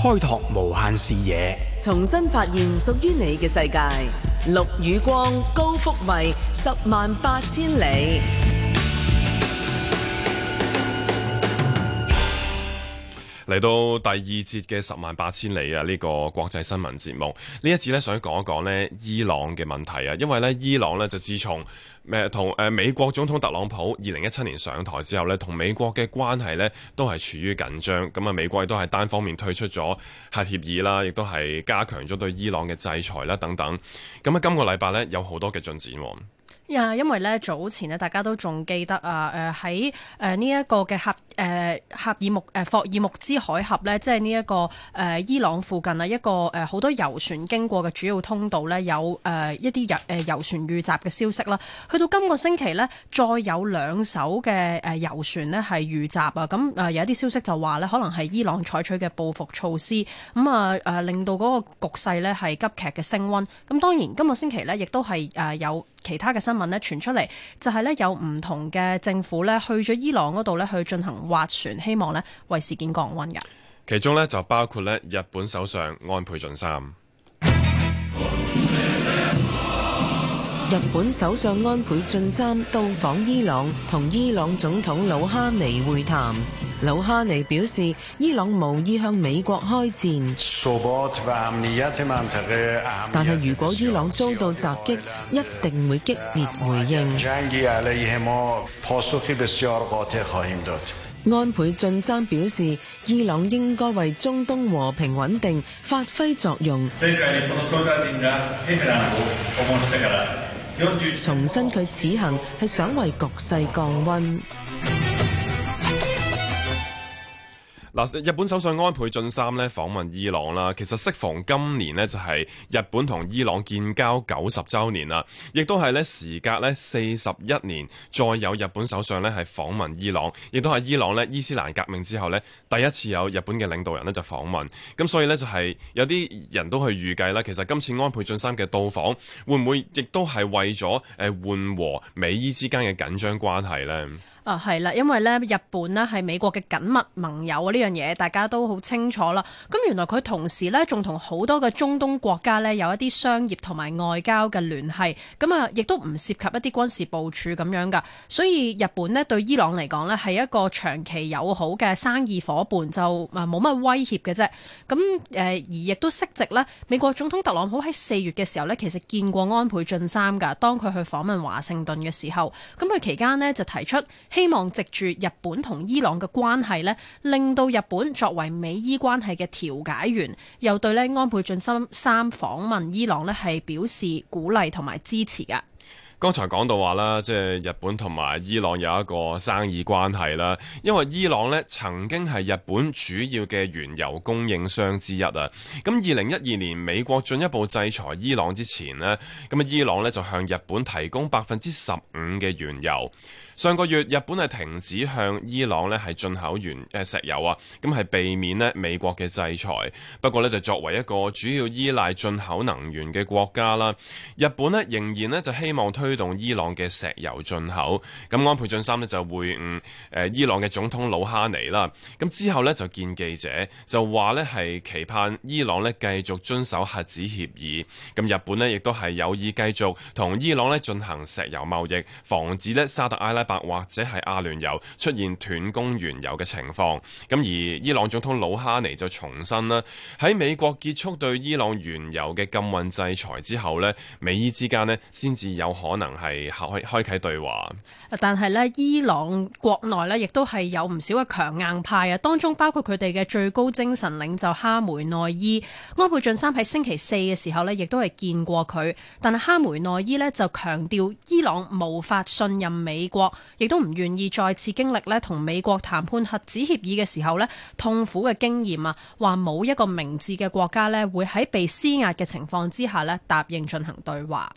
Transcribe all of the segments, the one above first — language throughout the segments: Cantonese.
開拓無限視野，重新發現屬於你嘅世界。陸宇光，高福慧，十萬八千里。嚟到第二節嘅十萬八千里啊！呢個國際新聞節目呢一節咧，想講一講呢伊朗嘅問題啊，因為呢，伊朗呢就自從同、呃、美國總統特朗普二零一七年上台之後呢，同美國嘅關係呢都係處於緊張，咁啊美國亦都係單方面退出咗核協議啦，亦都係加強咗對伊朗嘅制裁啦等等。咁啊今個禮拜呢，有好多嘅進展，啊。呀，yeah, 因為呢，早前呢大家都仲記得啊。誒喺誒呢一個嘅合誒合爾木誒霍爾木茲海峽呢，即係呢一個誒、呃、伊朗附近啊，一個誒好、呃、多遊船經過嘅主要通道呢有誒、呃、一啲遊、呃、遊船遇襲嘅消息啦。去到今個星期呢，再有兩艘嘅誒遊船呢係遇襲啊。咁誒、呃、有啲消息就話呢，可能係伊朗採取嘅報復措施咁啊，、呃、令到嗰個局勢呢係急劇嘅升温。咁當然今個星期呢亦都係誒、呃、有。其他嘅新聞咧傳出嚟，就係有唔同嘅政府去咗伊朗嗰度去進行斡旋，希望咧為事件降温嘅。其中就包括日本首相安倍晉三。日本首相安倍晉三到訪伊朗，同伊朗總統魯哈尼會談。魯哈尼表示，伊朗無意向美國開戰。但係如果伊朗遭到襲擊，一定會激烈回應。安倍晉三表示，伊朗應該為中東和平穩定發揮作用。重申佢此行係想為局勢降溫。嗱，日本首相安倍晉三咧訪問伊朗啦，其實適逢今年咧就係日本同伊朗建交九十週年啦，亦都係咧時隔咧四十一年再有日本首相咧係訪問伊朗，亦都係伊朗咧伊斯蘭革命之後咧第一次有日本嘅領導人咧就訪問，咁所以呢，就係有啲人都去預計啦，其實今次安倍晉三嘅到訪會唔會亦都係為咗誒緩和美伊之間嘅緊張關係呢？啊，係啦，因為咧日本呢係美國嘅緊密盟友啊，呢樣嘢大家都好清楚啦。咁原來佢同時呢仲同好多嘅中東國家呢有一啲商業同埋外交嘅聯繫，咁啊亦都唔涉及一啲軍事部署咁樣噶。所以日本呢對伊朗嚟講呢係一個長期友好嘅生意伙伴，就冇乜威脅嘅啫。咁誒而亦都適值咧美國總統特朗普喺四月嘅時候呢，其實見過安倍晉三㗎，當佢去訪問華盛頓嘅時候，咁佢期間呢就提出，希望藉住日本同伊朗嘅關係呢，令到日本作為美伊關係嘅調解員，又對呢安倍晉三三訪問伊朗呢係表示鼓勵同埋支持嘅。剛才講到話啦，即係日本同埋伊朗有一個生意關係啦，因為伊朗呢曾經係日本主要嘅原油供應商之一啊。咁二零一二年美國進一步制裁伊朗之前呢，咁啊伊朗呢就向日本提供百分之十五嘅原油。上個月日本係停止向伊朗呢係進口原誒石油啊，咁係避免呢美國嘅制裁。不過呢，就作為一個主要依賴進口能源嘅國家啦，日本呢仍然呢就希望推動伊朗嘅石油進口。咁安倍晉三呢就會晤誒伊朗嘅總統魯哈尼啦。咁之後呢，就見記者就話呢係期盼伊朗呢繼續遵守核子協議。咁日本呢，亦都係有意繼續同伊朗呢進行石油貿易，防止呢沙特阿拉伯白或者係阿聯酋出現斷供原油嘅情況，咁而伊朗總統魯哈尼就重申啦，喺美國結束對伊朗原油嘅禁運制裁之後咧，美伊之間咧先至有可能係開開啟對話，但係咧，伊朗國內咧亦都係有唔少嘅強硬派啊，當中包括佢哋嘅最高精神領袖哈梅內伊。安倍晉三喺星期四嘅時候咧，亦都係見過佢，但係哈梅內伊咧就強調伊朗無法信任美國。亦都唔願意再次經歷咧同美國談判核子協議嘅時候咧痛苦嘅經驗啊，話冇一個明智嘅國家咧會喺被施壓嘅情況之下咧答應進行對話。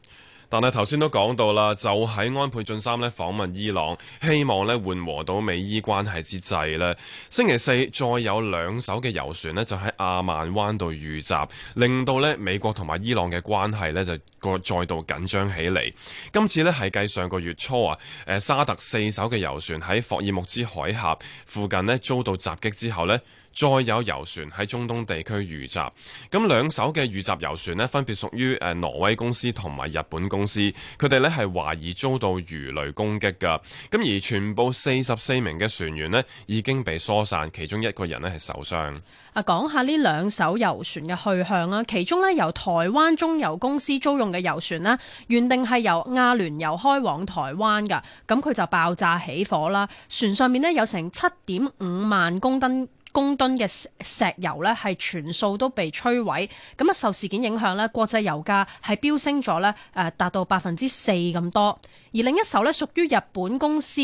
但係頭先都講到啦，就喺安倍晉三呢訪問伊朗，希望呢緩和到美伊關係之際咧。星期四再有兩艘嘅油船呢就喺阿曼灣度遇襲，令到呢美國同埋伊朗嘅關係呢就再度緊張起嚟。今次呢係繼上個月初啊，誒沙特四艘嘅油船喺霍爾木茲海峽附近呢遭到襲擊之後呢再有遊船喺中東地區遇襲，咁兩艘嘅遇襲遊船呢，分別屬於誒挪威公司同埋日本公司，佢哋呢係懷疑遭到魚雷攻擊㗎。咁而全部四十四名嘅船員呢，已經被疏散，其中一個人呢係受傷。啊，講下呢兩艘遊船嘅去向啦。其中呢，由台灣中油公司租用嘅遊船呢，原定係由阿聯酋開往台灣㗎。咁佢就爆炸起火啦。船上面呢，有成七點五萬公噸公噸嘅石油呢係全數都被摧毀。咁啊，受事件影響呢，國際油價係飆升咗呢，誒達到百分之四咁多。而另一艘呢，屬於日本公司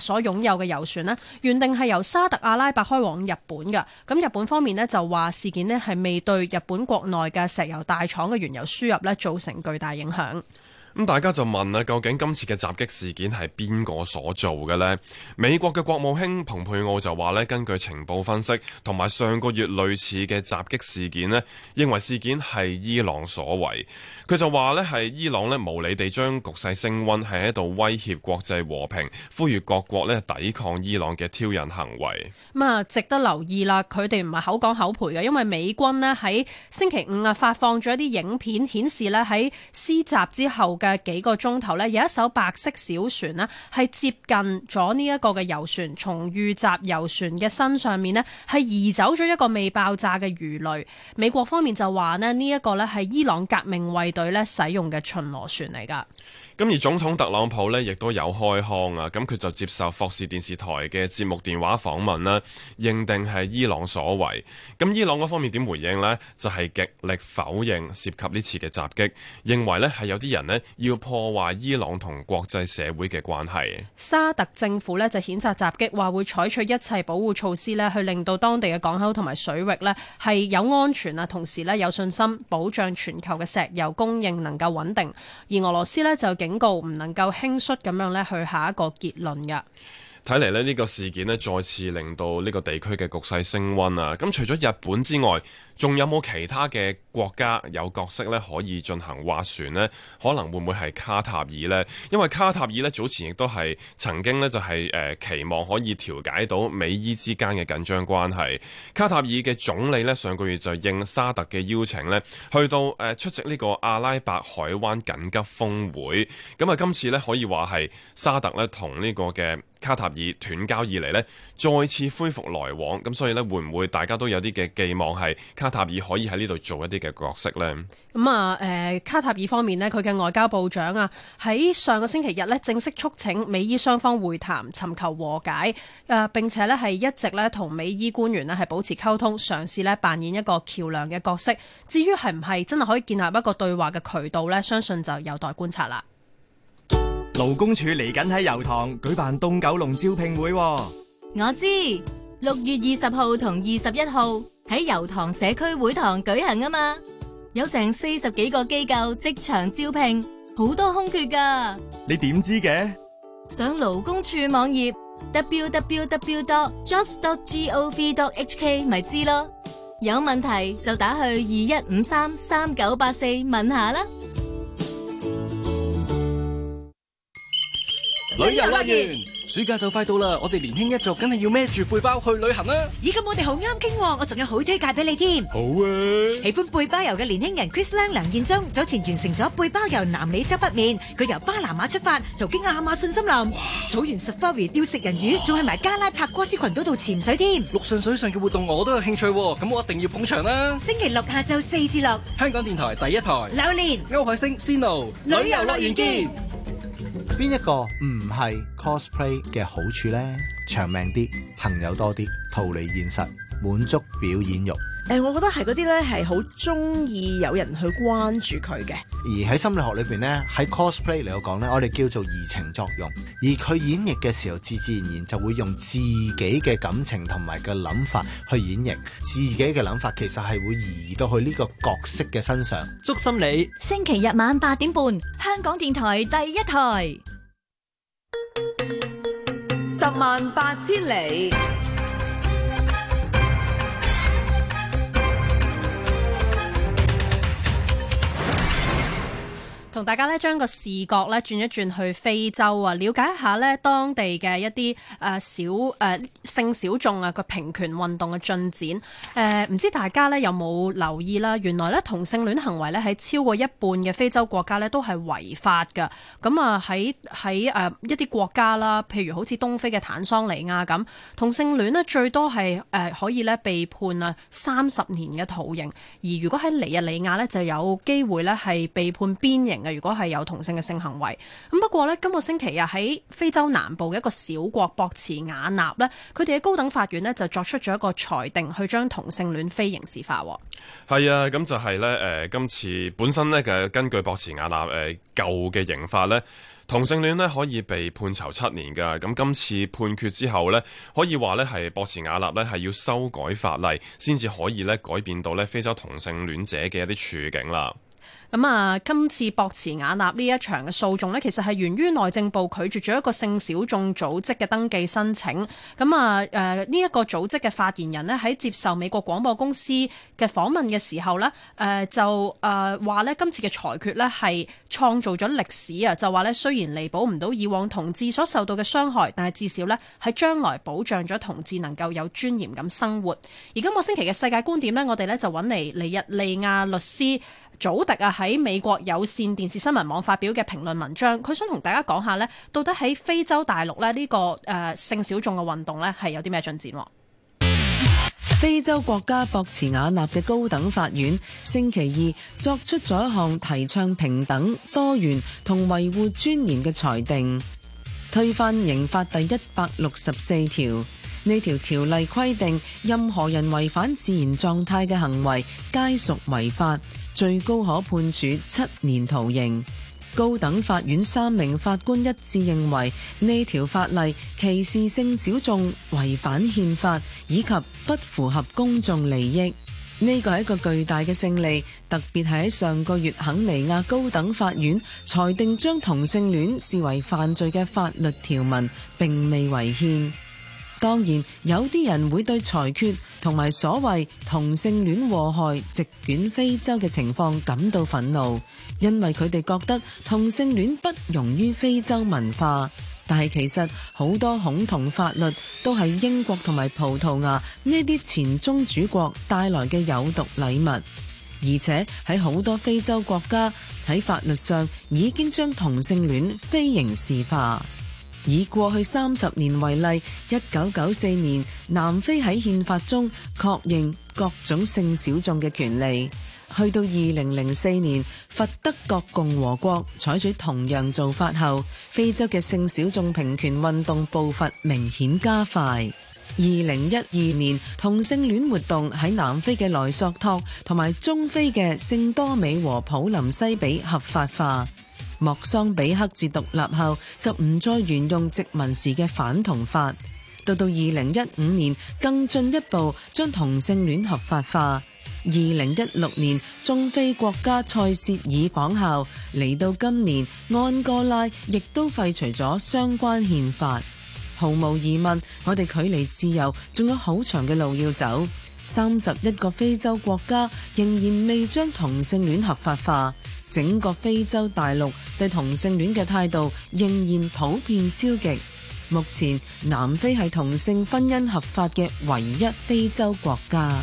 所擁有嘅油船呢，原定係由沙特阿拉伯開往日本嘅。咁日本方面呢，就話事件呢係未對日本國內嘅石油大廠嘅原油輸入呢造成巨大影響。咁大家就問啦，究竟今次嘅襲擊事件係邊個所做嘅呢？美國嘅國務卿蓬佩奧就話咧，根據情報分析同埋上個月類似嘅襲擊事件咧，認為事件係伊朗所為。佢就話咧係伊朗咧無理地將局勢升溫，係喺度威脅國際和平，呼籲各國咧抵抗伊朗嘅挑釁行為。咁啊，值得留意啦，佢哋唔係口講口賠嘅，因為美軍咧喺星期五啊發放咗一啲影片，顯示咧喺施襲之後嘅嘅幾個鐘頭咧，有一艘白色小船咧，係接近咗呢一個嘅遊船，從遇襲遊船嘅身上面咧，係移走咗一個未爆炸嘅魚雷。美國方面就話咧，呢一個咧係伊朗革命衛隊咧使用嘅巡邏船嚟噶。咁而總統特朗普呢，亦都有開腔啊，咁佢就接受霍士電視台嘅節目電話訪問啦，認定係伊朗所為。咁伊朗嗰方面點回應呢？就係、是、極力否認涉及呢次嘅襲擊，認為咧係有啲人咧。要破壞伊朗同國際社會嘅關係。沙特政府咧就譴責襲擊，話會採取一切保護措施去令到當地嘅港口同埋水域咧係有安全啊，同時有信心保障全球嘅石油供應能夠穩定。而俄羅斯就警告唔能夠輕率咁樣去下一個結論嘅。睇嚟呢個事件呢，再次令到呢個地區嘅局勢升溫啊！咁除咗日本之外，仲有冇其他嘅國家有角色呢？可以進行斡旋呢？可能會唔會係卡塔爾呢？因為卡塔爾呢，早前亦都係曾經呢、就係，就、呃、係期望可以調解到美伊之間嘅緊張關係。卡塔爾嘅總理呢，上個月就應沙特嘅邀請呢，去到出席呢個阿拉伯海灣緊急峰會。咁啊，今次呢，可以話係沙特呢，同呢個嘅卡塔爾以斷交以嚟咧，再次恢復來往，咁所以咧，會唔會大家都有啲嘅寄望係卡塔爾可以喺呢度做一啲嘅角色呢？咁啊、嗯，誒、呃、卡塔爾方面呢，佢嘅外交部長啊，喺上個星期日呢，正式促請美伊雙方會談，尋求和解啊、呃，並且呢係一直呢同美伊官員呢係保持溝通，嘗試呢扮演一個橋梁嘅角色。至於係唔係真係可以建立一個對話嘅渠道呢，相信就有待觀察啦。勞工處嚟緊喺油塘舉辦東九龍招聘會，啊，我知六月二十號同二十一號喺油塘社區會堂舉行啊嘛，有成四十幾個機構即場招聘，好多空缺噶。你點知嘅？上勞工處網頁 www.dot.jobs.dot.gov.dot.hk 咪知咯，有問題就打去二一五三三九八四問下啦。旅遊樂園，暑假就快到啦！我哋年輕一族，梗係要孭住背包去旅行啦、啊！咦，咁我哋好啱傾，我仲有好推介俾你添。好啊耶！喜歡背包遊嘅年輕人 Chris Lang 梁建忠，早前完成咗背包遊南美洲北面，佢由巴拿馬出發，途經亞馬遜森林、哇草原、Safari 釣食人魚，仲係埋加拉柏哥斯群島度潛水添、啊。陸上水上嘅活動我都有興趣、啊，咁我一定要捧場啦、啊！星期六下晝四至六，香港電台第一台，柳蓮年、歐海星、Cino，旅遊樂園見。邊一個唔係 cosplay 嘅好處呢？長命啲，朋友多啲，逃離現實，滿足表演欲。誒、欸，我覺得係嗰啲呢，係好中意有人去關注佢嘅。而喺心理學裏邊呢，喺 cosplay 嚟講呢，我哋叫做移情作用。而佢演繹嘅時候，自自然然就會用自己嘅感情同埋嘅諗法去演繹。自己嘅諗法其實係會移到去呢個角色嘅身上。祝心理星期日晚八點半，香港電台第一台。十萬八千里。同大家呢，將個視角呢轉一轉去非洲啊，了解一下呢當地嘅一啲小誒、呃、性小眾啊個平權運動嘅進展。呃、唔知大家呢有冇留意啦？原來呢，同性戀行為呢喺超過一半嘅非洲國家呢都係違法嘅。咁啊喺喺一啲國家啦，譬如好似東非嘅坦桑尼亞咁，同性戀呢最多係可以呢被判啊三十年嘅徒刑，而如果喺尼日利亞呢，就有機會呢係被判鞭刑。如果係有同性嘅性行為，咁不過咧，今個星期日喺非洲南部嘅一個小國博茨瓦納咧，佢哋嘅高等法院咧就作出咗一個裁定，去將同性戀非刑事化。係啊，咁就係呢。誒、呃，今次本身咧嘅根據博茨瓦納誒、呃、舊嘅刑法呢，同性戀咧可以被判囚七年㗎。咁今次判決之後呢，可以話呢係博茨瓦納咧係要修改法例，先至可以咧改變到呢非洲同性戀者嘅一啲處境啦。咁、嗯、啊,今次博茨瓦納呢一場嘅訴訟呢,其實係源於內政部拒絕咗一個性小眾組織嘅登記申請。咁、嗯、啊,誒呢一個組織嘅發言人呢,喺接受美國廣播公司嘅訪問嘅時候呢,誒、呃、就誒話、呃、呢今次嘅裁決呢,係創造咗歷史啊,就話呢,雖然彌補唔到以往同志所受到嘅傷害,但係至少呢,喺將來保障咗同志能夠有尊嚴咁生活。而今個星期嘅世界觀點呢,我哋呢,就揾嚟尼日利亞律師。祖迪啊，喺美國有線電視新聞網發表嘅評論文章，佢想同大家講下呢，到底喺非洲大陸咧呢個誒、呃、性小眾嘅運動呢係有啲咩進展？非洲國家博茨瓦納嘅高等法院星期二作出咗一項提倡平等、多元同維護尊嚴嘅裁定，推翻刑法第一百六十四條，呢條條例規定，任何人違反自然狀態嘅行為皆屬違法。最高可判處七年徒刑。高等法院三名法官一致認為，呢條法例歧視性小眾，違反憲法，以及不符合公眾利益。呢個係一個巨大嘅勝利，特別係喺上個月肯尼亞高等法院裁定將同性戀視為犯罪嘅法律條文，並未違憲。當然有啲人會對裁決同埋所謂同性戀禍害席捲非洲嘅情況感到憤怒，因為佢哋覺得同性戀不容於非洲文化。但係其實好多恐同法律都係英國同埋葡萄牙呢啲前宗主國帶來嘅有毒禮物，而且喺好多非洲國家喺法律上已經將同性戀非刑事化。以過去30年為例 ,1994 年,南非喺憲法中確認各種性小眾嘅權利。去到2004年,佛德國共和國採取同樣做法後,非洲嘅性小眾平權運動步伐明顯加快。2012年,同性戀活動喺南非嘅萊索托同埋中非嘅聖多美和普林西比合法化。莫桑比克自獨立後就唔再沿用殖民時嘅反同法，到到二零一五年更進一步將同性戀合法化。二零一六年中非國家塞舌爾仿效，嚟到今年安哥拉亦都廢除咗相關憲法。毫無疑問，我哋距離自由仲有好長嘅路要走。三十一個非洲國家仍然未將同性戀合法化。整個非洲大陸對同性戀嘅態度仍然普遍消極。目前南非係同性婚姻合法嘅唯一非洲國家。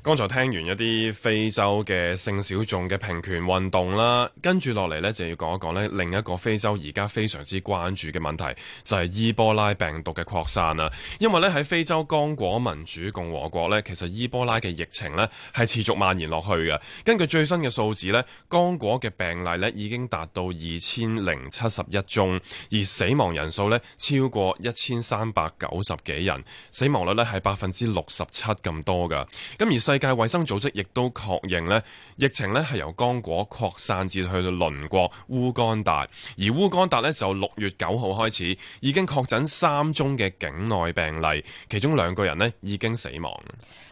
剛才聽完一啲非洲嘅性小眾嘅平權運動啦，跟住落嚟呢，就要講一講呢另一個非洲而家非常之關注嘅問題就係伊波拉病毒嘅擴散啦。因為呢，喺非洲剛果民主共和國呢，其實伊波拉嘅疫情呢係持續蔓延落去嘅。根據最新嘅數字呢，剛果嘅病例呢已經達到二千零七十一宗，而死亡人數呢超過一千三百九十幾人，死亡率呢係百分之六十七咁多噶。咁而世界衛生組織亦都確認咧，疫情咧係由剛果擴散至到去鄰國烏干達，而烏干達咧就六月九號開始已經確診三宗嘅境內病例，其中兩個人咧已經死亡。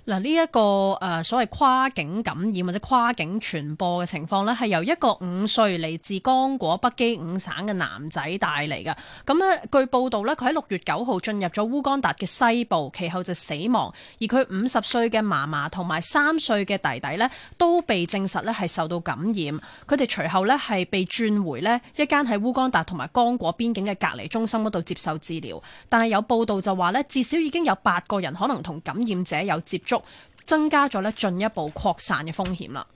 嗱，呢一個、這個誒、呃、所謂跨境感染或者跨境傳播嘅情況咧，係由一個五歲嚟自剛果北基伍省嘅男仔帶嚟嘅。咁咧據報道咧，佢喺六月九號進入咗烏干達嘅西部，其後就死亡。而佢五十歲嘅嫲嫲同埋三歲嘅弟弟咧，都被證實咧係受到感染。佢哋隨後咧係被轉回咧一間喺烏干達同埋剛果邊境嘅隔離中心嗰度接受治療，但係有報道就話咧，至少已經有八個人可能同感染者有接觸。增加咗咧，進一步擴散嘅風險啦。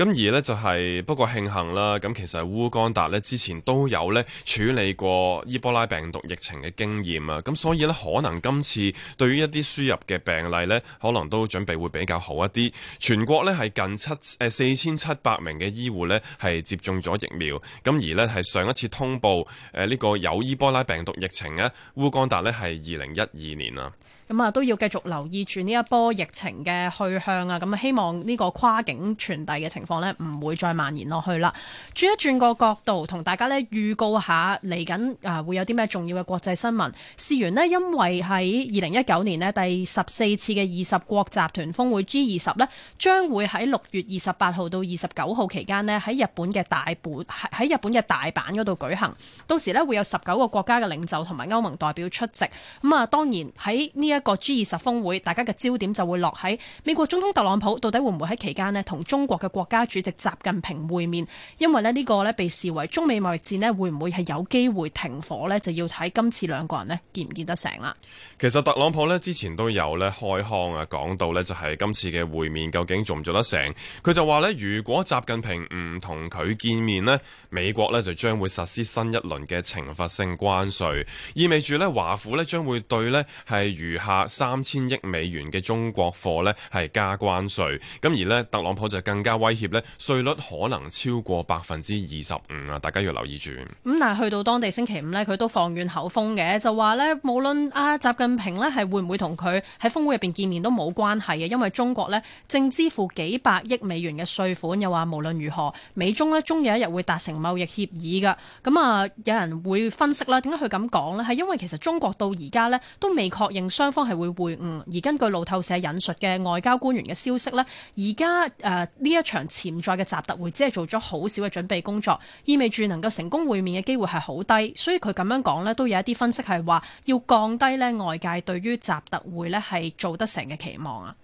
咁而呢就係、是、不過慶幸啦，咁其實烏干達咧之前都有咧處理過伊波拉病毒疫情嘅經驗啊，咁所以咧可能今次對於一啲輸入嘅病例咧，可能都準備會比較好一啲。全國咧係近七誒四千七百名嘅醫護咧係接種咗疫苗，咁而咧係上一次通報誒呢個有伊波拉病毒疫情咧，烏干達咧係二零一二年啊。咁啊都要繼續留意住呢一波疫情嘅去向啊，咁啊希望呢個跨境傳遞嘅情。唔會再蔓延落去啦。轉一轉個角度，同大家咧預告下嚟緊啊會有啲咩重要嘅國際新聞。事源呢，因為喺二零一九年呢，第十四次嘅二十國集團峰會 （G 二十）呢，將會喺六月二十八號到二十九號期間呢，喺日本嘅大本喺日本嘅大阪嗰度舉行。到時呢，會有十九個國家嘅領袖同埋歐盟代表出席。咁啊，當然喺呢一個 G 二十峰會，大家嘅焦點就會落喺美國總統特朗普到底會唔會喺期間呢，同中國嘅國家主席習近平會面，因為咧呢個咧被視為中美貿易戰咧會唔會係有機會停火咧，就要睇今次兩個人咧見唔見得成啦。其實特朗普咧之前都有咧開腔啊，講到咧就係今次嘅會面究竟做唔做得成，佢就話咧，如果習近平唔同佢見面咧，美國咧就將會實施新一輪嘅懲罰性關稅，意味住咧華府咧將會對咧係餘下三千億美元嘅中國貨咧係加關稅，咁而咧特朗普就更加威。咧稅率可能超過百分之二十五啊！大家要留意住。咁但係去到當地星期五呢，佢都放軟口風嘅，就話呢，無論阿習近平呢係會唔會同佢喺峯會入邊見面都冇關係嘅，因為中國呢正支付幾百億美元嘅稅款，又話無論如何，美中呢終有一日會達成貿易協議㗎。咁啊，有人會分析啦，點解佢咁講呢？係因為其實中國到而家呢都未確認雙方係會會晤，而根據路透社引述嘅外交官員嘅消息呢，而家誒呢一場潛在嘅習特會只係做咗好少嘅準備工作，意味住能夠成功會面嘅機會係好低，所以佢咁樣講呢都有一啲分析係話要降低呢外界對於習特會呢係做得成嘅期望啊。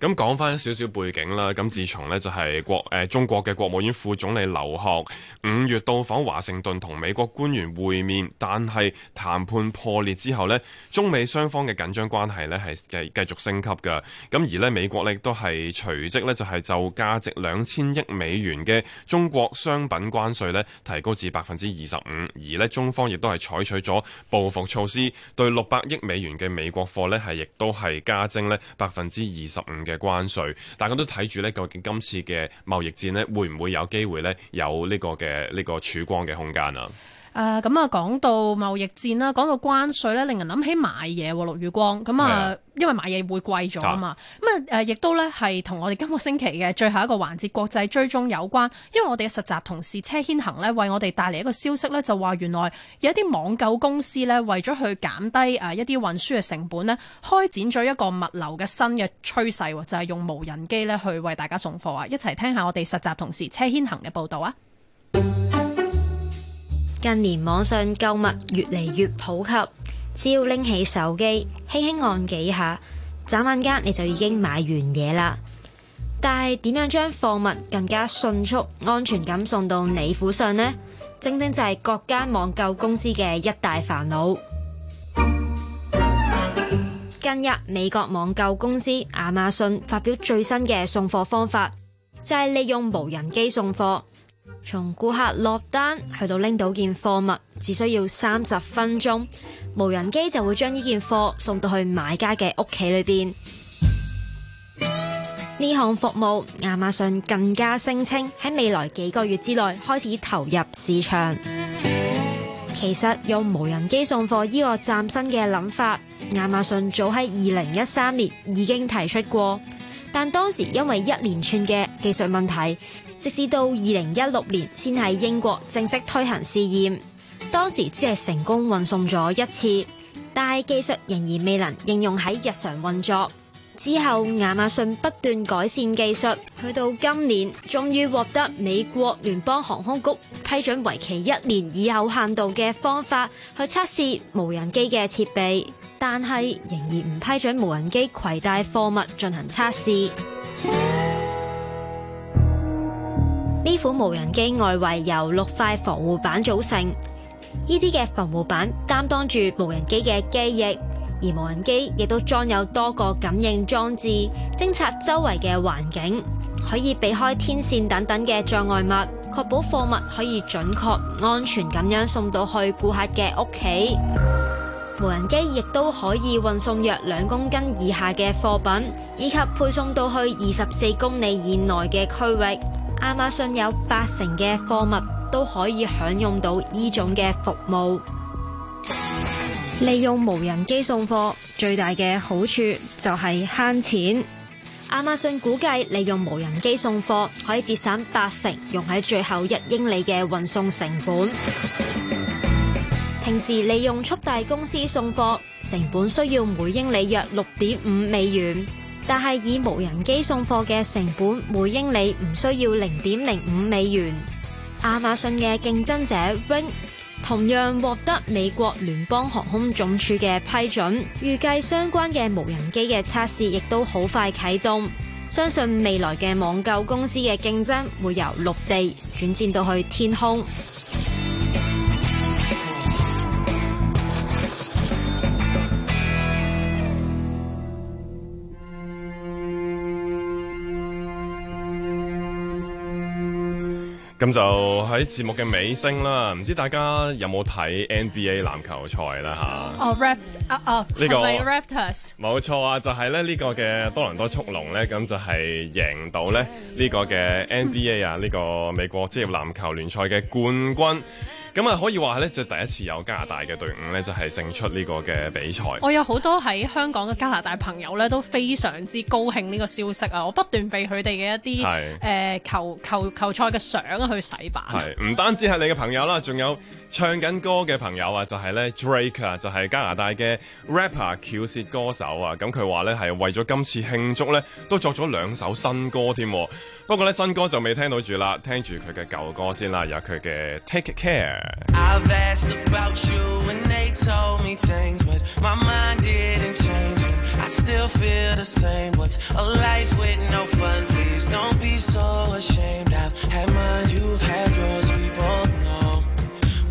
咁講翻少少背景啦，咁自從呢，就係國誒中國嘅國務院副總理劉鶴五月到訪華盛頓同美國官員會面，但係談判破裂之後呢，中美雙方嘅緊張關係呢係繼繼續升級㗎。咁而呢，美國亦都係隨即呢，就係就價值兩千億美元嘅中國商品關稅呢提高至百分之二十五，而呢，中方亦都係採取咗報復措施，對六百億美元嘅美國貨呢，係亦都係加徵呢百分之二十。十五嘅關稅，大家都睇住呢。究竟今次嘅貿易戰呢會唔會有機會呢？有呢個嘅呢個曙光嘅空間啊？誒咁啊，講、嗯、到貿易戰啦，講到關稅咧，令人諗起買嘢喎，陸宇光咁啊，嗯、的因為買嘢會貴咗啊嘛，咁啊亦、嗯、都咧係同我哋今個星期嘅最後一個環節國際追蹤有關，因為我哋嘅實習同事車軒珩咧為我哋帶嚟一個消息咧，就話原來有一啲網購公司咧為咗去減低誒一啲運輸嘅成本呢，開展咗一個物流嘅新嘅趨勢就係、是、用無人機咧去為大家送貨啊！一齊聽下我哋實習同事車軒珩嘅報導啊！近年網上購物越嚟越普及，只要拎起手機輕輕按幾下，眨眼間你就已經買完嘢啦。但係點樣將貨物更加迅速、安全咁送到你府上呢？正正就係各間網購公司嘅一大煩惱。近日，美國網購公司亞馬遜發表最新嘅送貨方法，就係利用無人機送貨。從顧客落單去到拎到件貨物，只需要三十分鐘，無人機就會將呢件貨送到去買家嘅屋企裏邊。呢項服務，亞馬遜更加聲稱喺未來幾個月之內開始投入市場。其實用無人機送貨呢個嶄新嘅諗法，亞馬遜早喺二零一三年已經提出過，但當時因為一連串嘅技術問題。即使到二零一六年先喺英國正式推行試驗，當時只係成功運送咗一次，但係技術仍然未能應用喺日常運作。之後亞馬遜不斷改善技術，去到今年終於獲得美國聯邦航空局批准為期一年以後限度嘅方法去測試無人機嘅設備，但係仍然唔批准無人機攜帶貨物進行測試。呢款無人機外圍由六塊防護板組成，呢啲嘅防護板擔當住無人機嘅機翼，而無人機亦都裝有多個感應裝置，偵察周圍嘅環境，可以避開天線等等嘅障礙物，確保貨物可以準確、安全咁樣送到去顧客嘅屋企。無人機亦都可以運送約兩公斤以下嘅貨品，以及配送到去二十四公里以內嘅區域。亞馬遜有八成嘅貨物都可以享用到呢種嘅服務。利用無人機送貨最大嘅好處就係慳錢。亞馬遜估計利用無人機送貨可以節省八成用喺最後一英里嘅運送成本。平時利用速遞公司送貨成本需要每英里約六點五美元。但係以無人機送貨嘅成本，每英里唔需要零點零五美元。亞馬遜嘅競爭者 Wing 同樣獲得美國聯邦航空總署嘅批准，預計相關嘅無人機嘅測試亦都好快啟動。相信未來嘅網購公司嘅競爭會由陸地轉戰到去天空。咁就喺節目嘅尾聲啦，唔知大家有冇睇 NBA 籃球賽啦吓？哦、oh，Rap 啊哦，呢、uh oh. 呢個 Raptors，冇錯啊，就係咧呢個嘅多倫多速龍咧，咁就係贏到咧呢個嘅 NBA 啊呢、呢個美國職業籃球聯賽嘅冠軍。咁啊，可以話係咧，就第一次有加拿大嘅隊伍咧，就係勝出呢個嘅比賽。我有好多喺香港嘅加拿大朋友咧，都非常之高興呢個消息啊！我不斷被佢哋嘅一啲誒球球球賽嘅相去洗版。唔單止係你嘅朋友啦，仲有，唱緊歌嘅朋友啊，就係咧 Drake 啊，就係加拿大嘅 rapper 饒舌歌手啊，咁佢話咧係為咗今次慶祝咧，都作咗兩首新歌添。不過咧，新歌就未聽到住啦，聽住佢嘅舊歌先啦，有佢嘅 Take Care。